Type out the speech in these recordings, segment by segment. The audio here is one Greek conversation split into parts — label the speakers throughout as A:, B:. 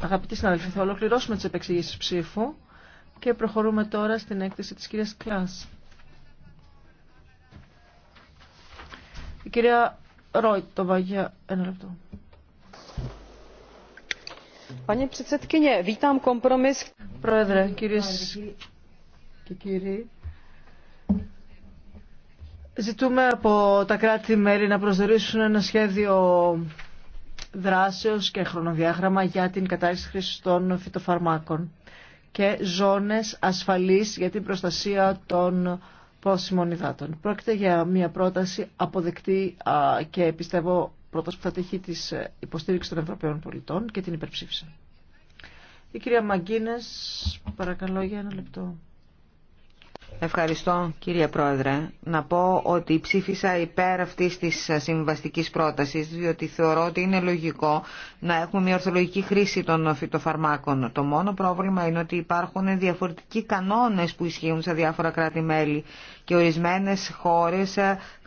A: Αγαπητοί συναδελφοί, θα ολοκληρώσουμε τις επεξηγήσεις ψήφου και προχωρούμε τώρα στην έκθεση της κυρίας Κλάς. Η κυρία Ρόιτ, το βαγιά, ένα λεπτό. Πρόεδρε, κυρίες και κύριοι, ζητούμε από τα κράτη-μέλη να προσδορίσουν ένα σχέδιο δράσεως και χρονοδιάγραμμα για την κατάρριξη χρήση των φυτοφαρμάκων και ζώνες ασφαλής για την προστασία των πόσιμων υδάτων. Πρόκειται για μια πρόταση αποδεκτή και πιστεύω πρόταση που θα τυχεί της υποστήριξης των Ευρωπαίων πολιτών και την υπερψήφιση. Η κυρία Μαγκίνες, παρακαλώ για ένα λεπτό.
B: Ευχαριστώ κύριε Πρόεδρε. Να πω ότι ψήφισα υπέρ αυτής της συμβαστικής πρότασης διότι θεωρώ ότι είναι λογικό να έχουμε μια ορθολογική χρήση των φυτοφαρμάκων. Το μόνο πρόβλημα είναι ότι υπάρχουν διαφορετικοί κανόνες που ισχύουν σε διάφορα κράτη-μέλη και ορισμένες χώρες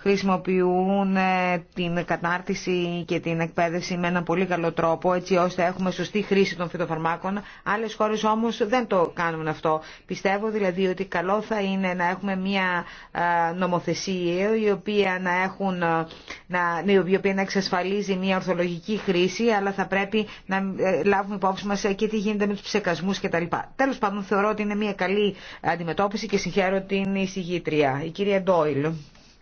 B: χρησιμοποιούν ε, την κατάρτιση και την εκπαίδευση με έναν πολύ καλό τρόπο έτσι ώστε έχουμε σωστή χρήση των φυτοφαρμάκων. Άλλε χώρε όμω δεν το κάνουν αυτό. Πιστεύω δηλαδή ότι καλό θα είναι να έχουμε μια ε, νομοθεσία η οποία να, έχουν, ε, να, ναι, η οποία να εξασφαλίζει μια ορθολογική χρήση αλλά θα πρέπει να λάβουμε υπόψη μα και τι γίνεται με του ψεκασμού κτλ. Τέλο πάντων θεωρώ ότι είναι μια καλή αντιμετώπιση και συγχαίρω την εισηγήτρια, η κυρία Ντόιλ.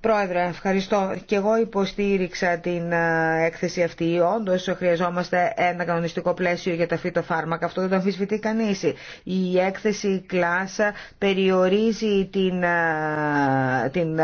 B: Πρόεδρε, ευχαριστώ. Και εγώ υποστήριξα την ε, έκθεση αυτή. Όντω, χρειαζόμαστε ένα κανονιστικό πλαίσιο για τα φυτοφάρμακα. Αυτό δεν το αμφισβητεί κανεί. Η έκθεση κλάσα περιορίζει την, ε, την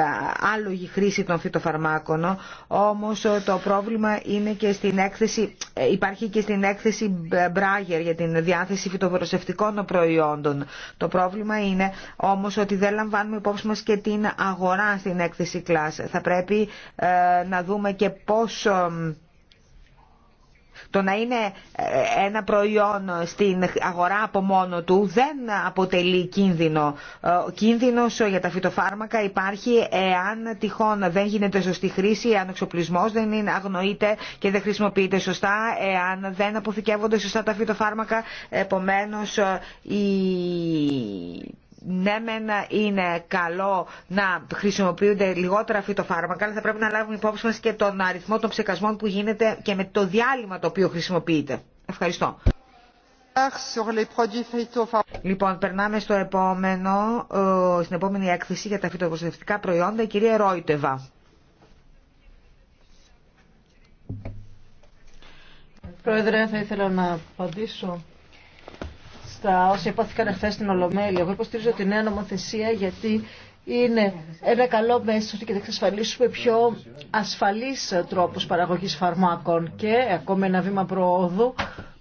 B: άλογη χρήση των φυτοφαρμάκων. Όμω το πρόβλημα είναι και στην έκθεση, ε, υπάρχει και στην έκθεση Μπράγερ για την διάθεση φυτοβροσευτικών προϊόντων. Το πρόβλημα είναι όμω ότι δεν λαμβάνουμε υπόψη μα και την αγορά στην έκθεση θα πρέπει ε, να δούμε και πόσο το να είναι ε, ένα προϊόν στην αγορά από μόνο του δεν αποτελεί κίνδυνο. Ε, ο κίνδυνος για τα φυτοφάρμακα υπάρχει εάν τυχόν δεν γίνεται σωστή χρήση, εάν ο δεν είναι αγνοείται και δεν χρησιμοποιείται σωστά, εάν δεν αποθηκεύονται σωστά τα φυτοφάρμακα. Επομένως, η ναι μεν είναι καλό να χρησιμοποιούνται λιγότερα φυτοφάρμακα, αλλά θα πρέπει να λάβουμε υπόψη μας και τον αριθμό των ψεκασμών που γίνεται και με το διάλειμμα το οποίο χρησιμοποιείται. Ευχαριστώ. Λοιπόν, περνάμε στο επόμενο, ε, στην επόμενη έκθεση για τα φυτοπροστατευτικά προϊόντα, η κυρία Ρόιτεβα.
A: Πρόεδρε, θα ήθελα να απαντήσω στα όσα υπόθηκαν εχθέ στην Ολομέλεια. Εγώ υποστηρίζω τη νέα νομοθεσία γιατί είναι ένα καλό μέσο και θα εξασφαλίσουμε πιο ασφαλεί τρόπους παραγωγής φαρμάκων και ακόμα ένα βήμα προόδου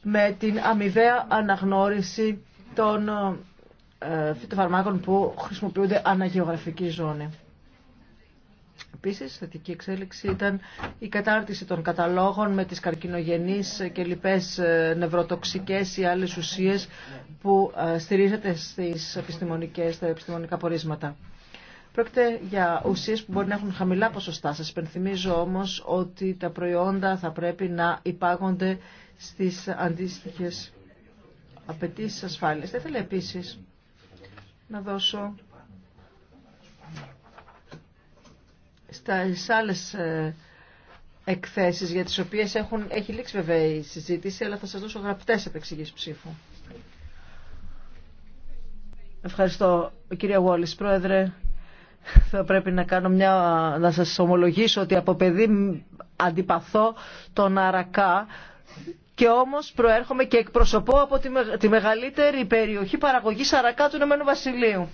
A: με την αμοιβαία αναγνώριση των ε, φυτοφαρμάκων που χρησιμοποιούνται αναγεωγραφική ζώνη. Επίσης, θετική εξέλιξη ήταν η κατάρτιση των καταλόγων με τις καρκινογενείς και λοιπές ε, νευροτοξικές ή άλλες ουσίες που ε, στηρίζεται στις επιστημονικές, στα επιστημονικά πορίσματα. Πρόκειται για ουσίες που μπορεί να έχουν χαμηλά ποσοστά. Σας υπενθυμίζω όμως ότι τα προϊόντα θα πρέπει να υπάγονται στις αντίστοιχες απαιτήσει ασφάλειας. Θα ήθελα επίσης να δώσω Στις άλλες ε, εκθέσεις για τις οποίες έχουν, έχει λήξει βέβαια η συζήτηση, αλλά θα σας δώσω γραπτές επεξηγήσεις ψήφου. Ευχαριστώ κυρία Γουόλης, πρόεδρε. Θα πρέπει να κάνω μια, να σας ομολογήσω ότι από παιδί αντιπαθώ τον Αρακά και όμως προέρχομαι και εκπροσωπώ από τη, μεγαλύτερη περιοχή παραγωγής Αρακά του Ηνωμένου Βασιλείου.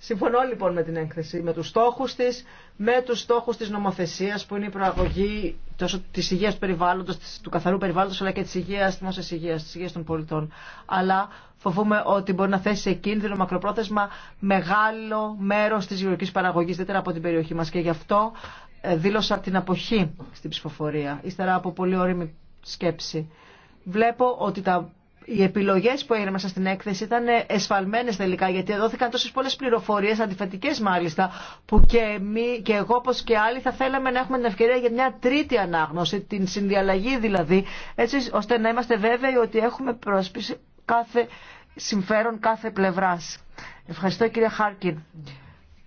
A: Συμφωνώ λοιπόν με την έκθεση, με τους στόχους της, με τους στόχους της νομοθεσίας που είναι η προαγωγή τόσο της υγείας του περιβάλλοντος, του καθαρού περιβάλλοντος αλλά και της υγείας, της δημόσιας υγείας, της υγείας των πολιτών. Αλλά φοβούμε ότι μπορεί να θέσει σε κίνδυνο μακροπρόθεσμα μεγάλο μέρος της γεωργικής παραγωγής, ιδιαίτερα από την περιοχή μας και γι' αυτό ε, δήλωσα την αποχή στην ψηφοφορία, ύστερα από πολύ ωρίμη σκέψη. Βλέπω ότι τα οι επιλογέ που έγιναν μέσα στην έκθεση ήταν εσφαλμένε τελικά, γιατί δόθηκαν τόσε πολλέ πληροφορίε, αντιφατικέ μάλιστα, που και, εμεί, και εγώ όπω και άλλοι θα θέλαμε να έχουμε την ευκαιρία για μια τρίτη ανάγνωση, την συνδιαλλαγή δηλαδή, έτσι ώστε να είμαστε βέβαιοι ότι έχουμε πρόσπιση κάθε συμφέρον κάθε πλευρά. Ευχαριστώ κύριε Χάρκιν.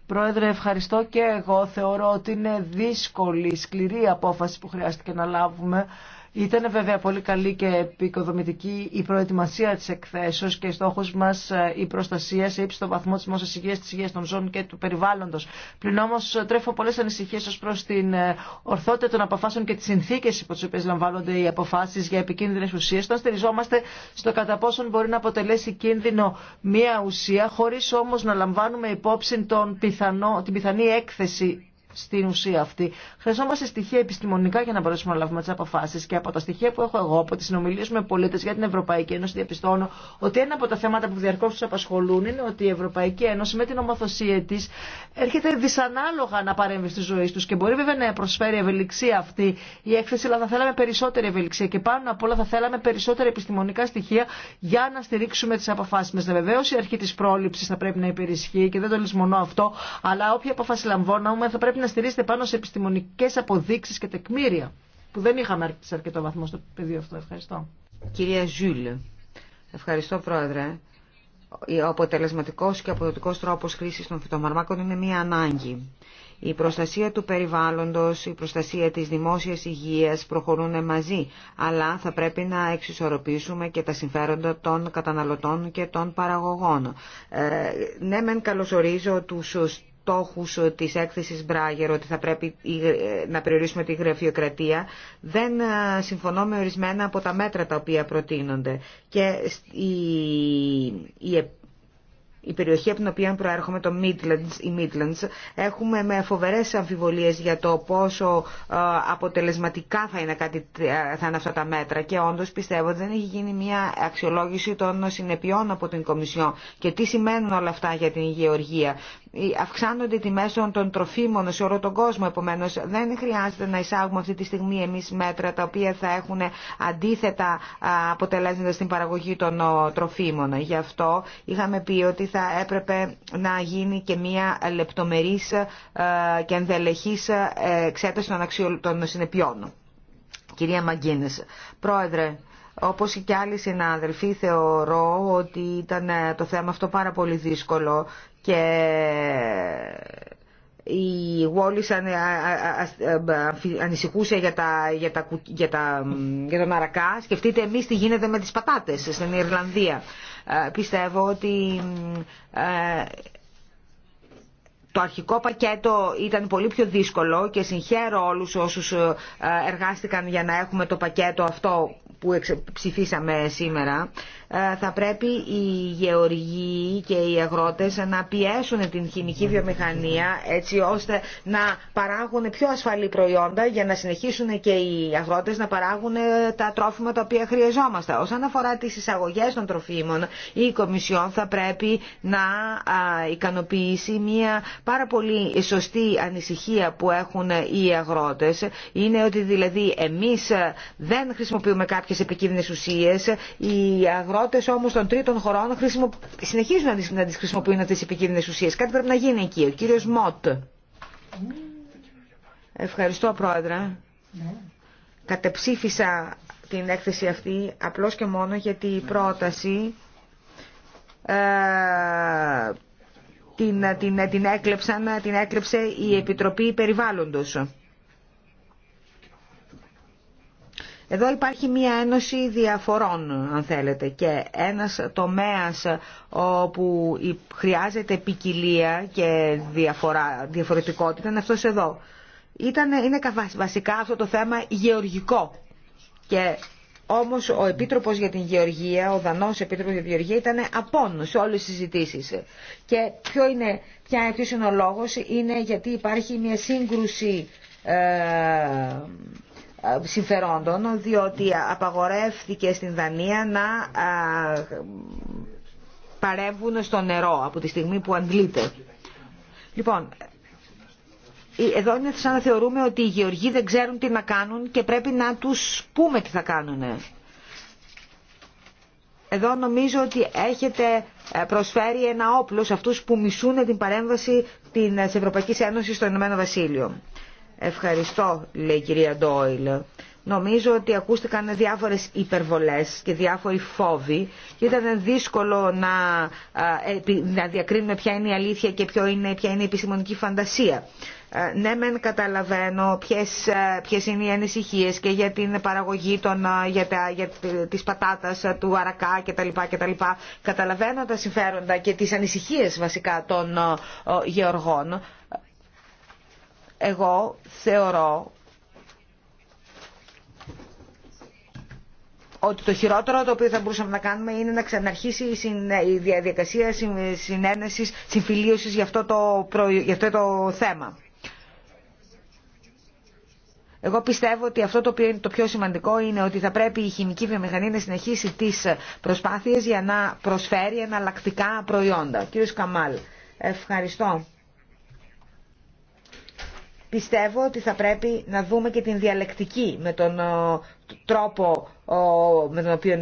A: Πρόεδρε, ευχαριστώ και εγώ. Θεωρώ ότι είναι δύσκολη, σκληρή απόφαση που χρειάστηκε να λάβουμε. Ήταν βέβαια πολύ καλή και επικοδομητική η προετοιμασία της εκθέσεως και στόχος μας ε, η προστασία σε ύψιστο βαθμό της δημόσιας υγείας, της υγείας των ζώων και του περιβάλλοντος. Πλην όμως ε, τρέφω πολλές ανησυχίες ως προς την ε, ορθότητα των αποφάσεων και τις συνθήκες υπό τις οποίες λαμβάνονται οι αποφάσεις για επικίνδυνες ουσίες. Τώρα στηριζόμαστε στο κατά πόσον μπορεί να αποτελέσει κίνδυνο μία ουσία χωρίς όμως να λαμβάνουμε υπόψη τον πιθανό, την πιθανή έκθεση στην ουσία αυτή. Χρειαζόμαστε στοιχεία επιστημονικά για να μπορέσουμε να λάβουμε τι αποφάσει. Και από τα στοιχεία που έχω εγώ, από τι συνομιλίε με πολίτε για την Ευρωπαϊκή Ένωση, διαπιστώνω ότι ένα από τα θέματα που διαρκώ του απασχολούν είναι ότι η Ευρωπαϊκή Ένωση με την ομοθοσία τη έρχεται δυσανάλογα να παρέμβει στη ζωή του. Και μπορεί βέβαια να προσφέρει ευελιξία αυτή η έκθεση, αλλά θα θέλαμε περισσότερη ευελιξία. Και πάνω απ' όλα θα θέλαμε περισσότερα επιστημονικά στοιχεία για να στηρίξουμε τι αποφάσει μα. Βεβαίω η αρχή τη πρόληψη θα πρέπει να υπερισχύει και δεν το λησμονώ αυτό, αλλά όποια αποφάση λαμβάνουμε να στηρίζεται πάνω σε επιστημονικέ αποδείξει και τεκμήρια που δεν είχαμε σε αρκετό βαθμό στο πεδίο αυτό. Ευχαριστώ. Κυρία Ζούλ, ευχαριστώ πρόεδρε.
B: Ο αποτελεσματικό και αποδοτικό τρόπο χρήση των φυτομαρμάκων είναι μία ανάγκη. Η προστασία του περιβάλλοντο, η προστασία τη δημόσιας υγεία προχωρούν μαζί, αλλά θα πρέπει να εξισορροπήσουμε και τα συμφέροντα των καταναλωτών και των παραγωγών. Ε, ναι, μεν καλωσορίζω του στόχου ε, τη έκθεση Μπράγερ ότι θα πρέπει ε, να περιορίσουμε τη γραφειοκρατία δεν ε, συμφωνώ με ορισμένα από τα μέτρα τα οποία προτείνονται και η, η, η περιοχή από την οποία προέρχομαι, το Midlands, Midlands, έχουμε με φοβερές αμφιβολίες για το πόσο αποτελεσματικά θα είναι, κάτι, θα είναι αυτά τα μέτρα και όντως πιστεύω ότι δεν έχει γίνει μια αξιολόγηση των συνεπειών από την Κομισιόν και τι σημαίνουν όλα αυτά για την γεωργία αυξάνονται οι τιμές των τροφίμων σε όλο τον κόσμο. επομένως δεν χρειάζεται να εισάγουμε αυτή τη στιγμή εμείς μέτρα τα οποία θα έχουν αντίθετα αποτελέσματα στην παραγωγή των τροφίμων. Γι' αυτό είχαμε πει ότι θα έπρεπε να γίνει και μια λεπτομερής και ενδελεχή εξέταση των, αξιο... των συνεπιών. Κυρία Μαγκίνες, Πρόεδρε, όπως και άλλοι συνάδελφοι θεωρώ ότι ήταν ε, το θέμα αυτό πάρα πολύ δύσκολο και η Wallis ανησυχούσε για, τα, για, τα, για, τα, για τον Αρακά. Σκεφτείτε εμείς τι γίνεται με τις πατάτες στην Ιρλανδία. Ε, πιστεύω ότι ε, το αρχικό πακέτο ήταν πολύ πιο δύσκολο και συγχαίρω όλους όσους ε, εργάστηκαν για να έχουμε το πακέτο αυτό που ψηφίσαμε σήμερα, ε, θα πρέπει οι γεωργοί και οι αγρότες να πιέσουν την χημική βιομηχανία έτσι ώστε να παράγουν πιο ασφαλή προϊόντα για να συνεχίσουν και οι αγρότες να παράγουν ε, τα τρόφιμα τα οποία χρειαζόμαστε. Όσον αφορά τις εισαγωγές των τροφίμων, η Κομισιόν θα πρέπει να ικανοποιήσει μια πάρα πολύ σωστή ανησυχία που έχουν οι αγρότες. Είναι ότι δηλαδή εμείς ε, δεν χρησιμοποιούμε σε επικίνδυνες ουσίες. Οι αγρότες όμως των τρίτων χωρών συνεχίζουν να τι να χρησιμοποιούν αυτές τις επικίνδυνες ουσίες. Κάτι πρέπει να γίνει εκεί. Ο κύριος Μότ. Ευχαριστώ πρόεδρε. Κατεψήφισα την έκθεση αυτή απλώς και μόνο γιατί η πρόταση ε, την, την, την, έκλεψαν, την έκλεψε η Επιτροπή Περιβάλλοντος. Εδώ υπάρχει μία ένωση διαφορών, αν θέλετε, και ένας τομέας ε, όπου χρειάζεται ποικιλία και διαφορά, διαφορετικότητα είναι αυτός εδώ. Ήταν, είναι βασικά αυτό το θέμα γεωργικό και όμως ο Επίτροπος για την Γεωργία, ο Δανός Επίτροπος για την Γεωργία ήταν απόν σε όλες τις συζητήσεις. Και ποιο είναι, ποια, είναι ο λόγος, είναι γιατί υπάρχει μια σύγκρουση ε, συμφερόντων, διότι απαγορεύθηκε στην Δανία να παρεύουν στο νερό από τη στιγμή που αντλείται. Λοιπόν, ε, εδώ είναι σαν να θεωρούμε ότι οι γεωργοί δεν ξέρουν τι να κάνουν και πρέπει να τους πούμε τι θα κάνουν. Εδώ νομίζω ότι έχετε ε, προσφέρει ένα όπλο σε αυτούς που μισούν την παρέμβαση της Ευρωπαϊκής Ένωσης στο Ηνωμένο Βασίλειο. Ευχαριστώ, λέει η κυρία Ντόιλ. Νομίζω ότι ακούστηκαν διάφορες υπερβολές και διάφοροι φόβοι και ήταν δύσκολο να, να διακρίνουμε ποια είναι η αλήθεια και ποιο είναι, ποια είναι η επιστημονική φαντασία. Ναι, μεν καταλαβαίνω ποιες, είναι οι ανησυχίε και για την παραγωγή των, για για της πατάτας, του αρακά κτλ. Καταλαβαίνω τα συμφέροντα και τις ανησυχίες βασικά των γεωργών εγώ θεωρώ ότι το χειρότερο το οποίο θα μπορούσαμε να κάνουμε είναι να ξαναρχίσει η διαδικασία συνένεσης, συμφιλίωσης για αυτό το, για αυτό το θέμα. Εγώ πιστεύω ότι αυτό το οποίο είναι το πιο σημαντικό είναι ότι θα πρέπει η χημική βιομηχανία να συνεχίσει τις προσπάθειες για να προσφέρει εναλλακτικά προϊόντα. Κύριος Καμάλ, ευχαριστώ πιστεύω ότι θα πρέπει να δούμε και την διαλεκτική με τον ε, τρόπο με τον οποίο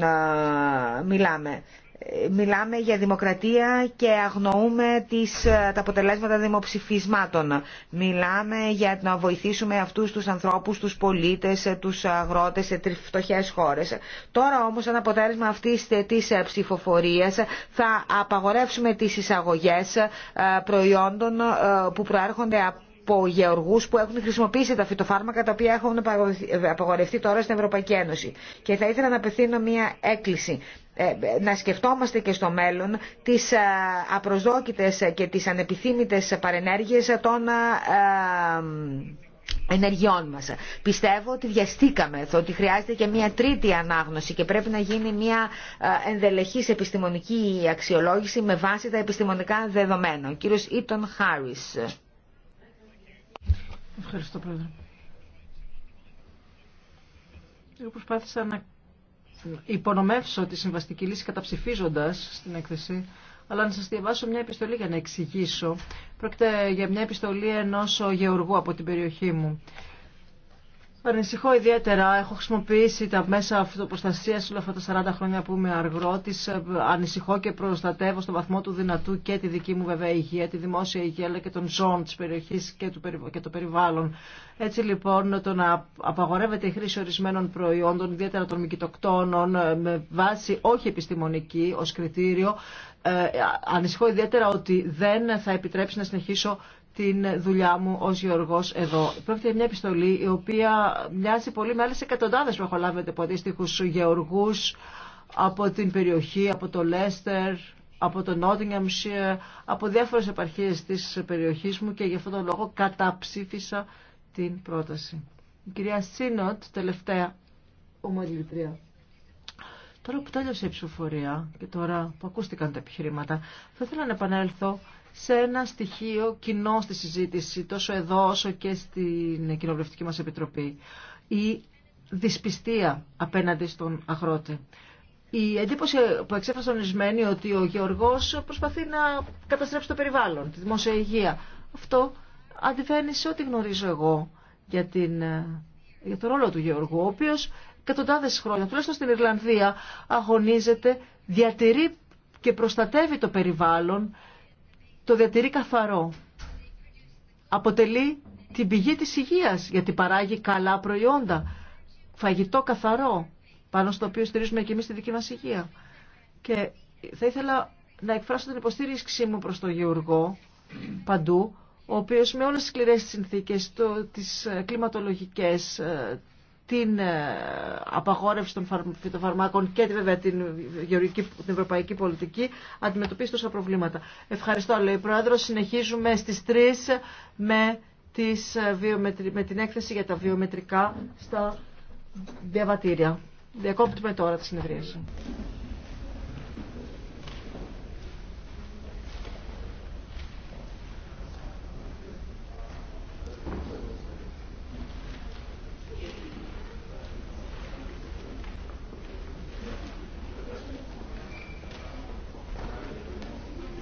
B: μιλάμε. Ε, μιλάμε για δημοκρατία και αγνοούμε τις, ε, τα αποτελέσματα δημοψηφισμάτων. Μιλάμε για να βοηθήσουμε αυτούς τους ανθρώπους, τους πολίτες, τους αγρότες σε φτωχές χώρες. Τώρα όμως, σαν αποτέλεσμα αυτής της ψηφοφορίας, θα απαγορεύσουμε τις εισαγωγές προϊόντων που προέρχονται από από γεωργούς που έχουν χρησιμοποιήσει τα φυτοφάρμακα τα οποία έχουν απαγορευτεί τώρα στην Ευρωπαϊκή Ένωση. Και θα ήθελα να απευθύνω μια έκκληση ε, να σκεφτόμαστε και στο μέλλον τις ε, απροσδόκητε και τις ανεπιθύμητες παρενέργειες των ε, ενεργειών μας. Πιστεύω ότι βιαστήκαμε, ότι χρειάζεται και μια τρίτη ανάγνωση και πρέπει να γίνει μια ενδελεχής επιστημονική αξιολόγηση με βάση τα επιστημονικά δεδομένα. Ο κύριος Ήτον Χάρις.
A: Ευχαριστώ, Πρόεδρε. Εγώ προσπάθησα να υπονομεύσω τη συμβαστική λύση καταψηφίζοντας στην έκθεση, αλλά να σας διαβάσω μια επιστολή για να εξηγήσω. Πρόκειται για μια επιστολή ενός γεωργού από την περιοχή μου. Ανησυχώ ιδιαίτερα. Έχω χρησιμοποιήσει τα μέσα αυτοπροστασία όλα αυτά τα 40 χρόνια που είμαι αργρότη. Ε, ανησυχώ και προστατεύω στον βαθμό του δυνατού και τη δική μου βέβαια υγεία, τη δημόσια υγεία, αλλά και των ζώων τη περιοχή και, και το περιβάλλον. Έτσι λοιπόν, το να απαγορεύεται η χρήση ορισμένων προϊόντων, ιδιαίτερα των μικητοκτόνων, ε, με βάση όχι επιστημονική ω κριτήριο, ε, ανησυχώ ιδιαίτερα ότι δεν θα επιτρέψει να συνεχίσω την δουλειά μου ω γεωργό εδώ. Πρόκειται μια επιστολή η οποία μοιάζει πολύ με άλλε εκατοντάδες που έχω λάβει από αντίστοιχου γεωργού από την περιοχή, από το Λέστερ, από το Nottinghamshire, από διάφορε επαρχίε τη περιοχή μου και γι' αυτόν τον λόγο καταψήφισα την πρόταση. Η κυρία Σίνοτ, τελευταία ομιλητρία. Τώρα που τέλειωσε η ψηφοφορία και τώρα που ακούστηκαν τα επιχειρήματα, θα ήθελα να επανέλθω σε ένα στοιχείο κοινό στη συζήτηση, τόσο εδώ όσο και στην κοινοβουλευτική μας επιτροπή. Η δυσπιστία απέναντι στον αγρότη. Η εντύπωση που εξέφρασαν ορισμένοι ότι ο Γεωργός προσπαθεί να καταστρέψει το περιβάλλον, τη δημόσια υγεία. Αυτό αντιβαίνει σε ό,τι γνωρίζω εγώ για, την, για τον ρόλο του Γεωργού, ο οποίος εκατοντάδες χρόνια, τουλάχιστον στην Ιρλανδία, αγωνίζεται, διατηρεί και προστατεύει το περιβάλλον, το διατηρεί καθαρό. Αποτελεί την πηγή της υγείας γιατί παράγει καλά προϊόντα, φαγητό καθαρό, πάνω στο οποίο στηρίζουμε και εμείς τη δική μας υγεία. Και θα ήθελα να εκφράσω την υποστήριξή μου προς τον Γεωργό παντού, ο οποίος με όλες τις σκληρές συνθήκες, το, τις ε, κλιματολογικές, ε, την ε, απαγόρευση των φυτοφαρμάκων και βέβαια την, γεωργική, την ευρωπαϊκή πολιτική αντιμετωπίσει τόσα προβλήματα. Ευχαριστώ, λέει η Πρόεδρο. Συνεχίζουμε στις 3 με, τις, ε, με την έκθεση για τα βιομετρικά στα διαβατήρια. Διακόπτουμε τώρα τη συνεδρίαση.